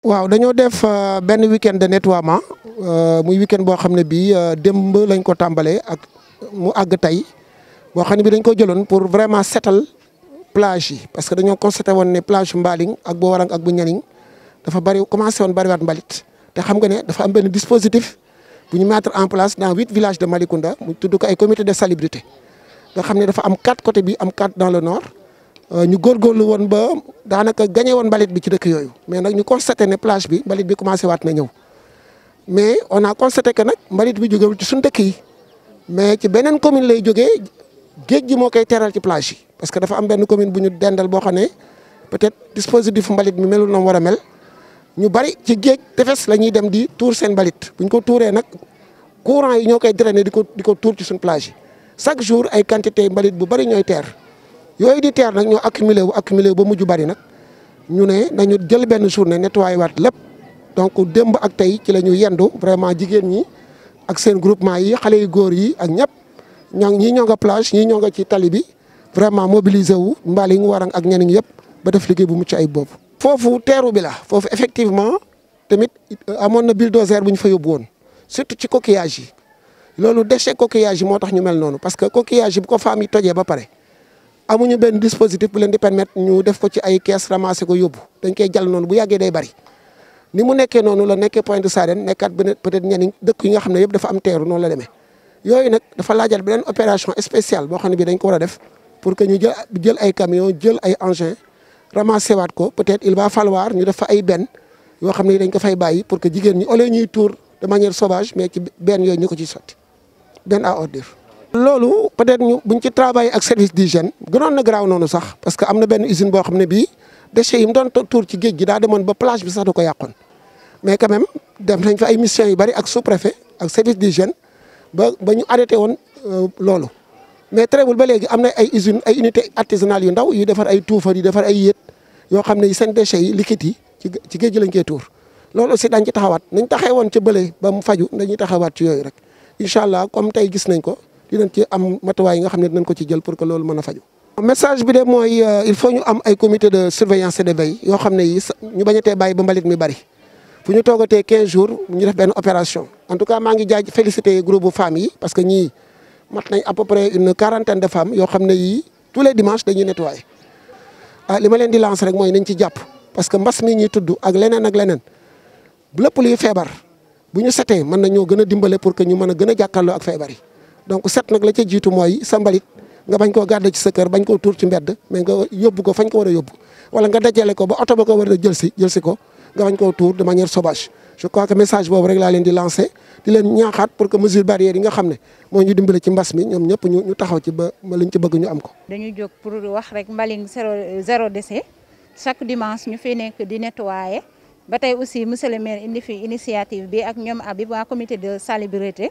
waaw dañoo def euh, benn week-end de nettoiement euh, muy week boo xam ne bii euh, démb lañ ko tàmbalee ak mu àgg tey boo xam ne bi dañ ko jëloon pour vraiment setal plage yi parce que dañoo constaté woon ne plage Mbaling ak bu warang ak bu ñaniñ dafa bari commencé woon bariwaat mbalit te xam nga ne dafa am benn dispositif bu ñu mettre en place dans huit villages de Malicounda mu tudd ko ay comité de salubrité nga xam ne dafa am quatre côté bi am quatre dans le nord Euh, ñu góorgóorlu won ba danaka gagné won balit bi ci dëkk yoyu mais nak ñu constaté né plage bi balit bi commencé wat na ñëw mais on a constaté que nak balit bi jógewul ci sun dëkk yi mais ci benen commune lay jógee géej ji mo koy téral ci plage yi parce que dafa am benn commune bu ñu dendal bo xané peut-être dispositif balit bi melul non wara mel ñu bari ci géej tefes lañuy dem di tour sen balit buñ ko touré nak courant yi ñokay drainer diko diko tour ci sun plage yi chaque jour ay quantité balit bu bari ñoy teer yoy di teer nak ñu accumuler wu accumuler ba muju bari nak ñu né nañu jël benn journée nettoyé wat lepp donc demb ak tay ci lañu ñu yendu vraiment jigen ñi ak seen groupement yi xalé yi góor yi ak ñëpp ñang ñi ñonga nga plage ñii ñoo ci tali bi vraiment mobiliser wu mbali yi ñu warang ak ñeneen yep ba def liggéey bu mucc ay bop fofu teeru bi la fofu effectivement tamit euh, amon na bulldozer bu fa yob won surtout ci coquillage yi lolu déchet coquillage motax ñu mel nonu parce que coquillage bu ko fami toje ba pare. amuñu ben dispositif bu leen di permettre ñu def ko ci ay caisse ramasser ko yóbbu dañ koy jall non bu yagge day bari ni mu nekké nonu la nekké point de Sarène nekkaat benn peut-être ñani dekk yi nga xamné yeb dafa am terre non la démé yoy nak dafa laajal benen opération spéciale bo xamné bi dañ ko wara def pour que ñu jël jël ay camion jël ay engins ramasser wat ko peut-être il va falloir ñu dafa ay ben yo xamné dañ ko fay bayyi pour que jigen ñi au ñuy tour de manière sauvage mais ci ben yoy ñuko ci ciy sotti benn à ordre loolu peut-être ñu buñ ci travail ak service d'hygiène gënoon na garaaw noonu sax parce que am na benn usine boo xam ne bii déchets yi mu doon tuur ci géej gi daa demoon ba plage bi sax da yàqoon mais quand même def nañ fa ay missions yu bari ak sous-préfet ak service d'hygiène ba ba ñu arrêté woon euh, loolu mais terewul ba léegi am na ay usines ay unités artisanales yu ndaw yu defar ay tuufar yu defar ay yéet yoo xam ne seen déchets yi liquide yi ci géej lañ koy tuur loolu aussi dañ ci taxawaat nañ taxee woon ca bële ba mu faju dañuy taxawaat ci yooyu rek incha comme tey gis nañ ko dinañ ci am matuwaay yi nga xam ne dinañ ko ci jël pour que loolu mën a faju message bi de mooy euh, il faut ñu am ay comité de surveillance de veille yoo xam ne yi ñu bañ a tee bàyyi ba mbalit mi bari fu ñu toogatee 15 jours ñu def benn opération en tout cas maa ngi jaaj félicité groupe bu yi parce que ñii mat nañ à peu près une quarantaine de femme yoo xam ne yii tous les dimanches dañuy nettoyer a ah, li ma leen di lancer rek mooy nañ ci jàpp parce que mbas mi ñuy tudd ak leneen ak leneen lépp luy feebar bu ñu setee mën nañoo gën a dimbale pour que ñu mën a gën a jàkkaarloo ak feebar yi. donc set nag la ca jiitu mooy sa mbalit nga bañ koo gàdde ci sa kër bañ koo tuur ci mbedd mais nga yóbbu ko fañ ko war a yóbbu wala nga dajale ko ba oto ba ko war a jël si jël si ko nga bañ koo tuur de manière sauvage je crois que message boobu rek laa leen di lancé di leen ñaaxaat pour que mesure barrière yi nga xam ne moo ñu dimbale ci mbas mi ñoom ñëpp ñu ñu taxaw ci ba liñ ci bëgg ñu am ko. dañu jóg pour wax rek mbalit zéro zéro déchet chaque dimanche ñu fi nekk di nettoyer ba tey aussi monsieur le maire indi fi initiative bi ak ñoom Habib waa comité de salubrité.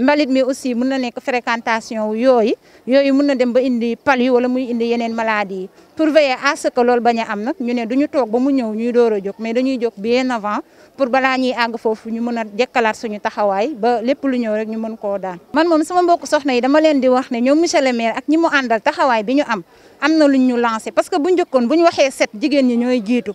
mbalit mais aussi mun na nekk fréquentation yoy yoy mun na dem ba indi palu wala muy indi yenen maladie pour veiller à ce que l'ol bañ a am nag ñu ne du ñu toog ba mu ñëw ñuy door a mais dañuy jóg bien avant pour balaa ñuy àgg foofu ñu mën a jekkalaat suñu taxawaay ba lépp lu ñëw rek ñu mën koo daan. man moom sama mbokk soxna yi dama leen di wax ne ñoom monsieur le maire ak ñi mu àndal taxawaay bi ñu am am na luñ ñu lancé parce que bu njëkkoon bu ñu waxee set jigéen ñi ñooy jiitu.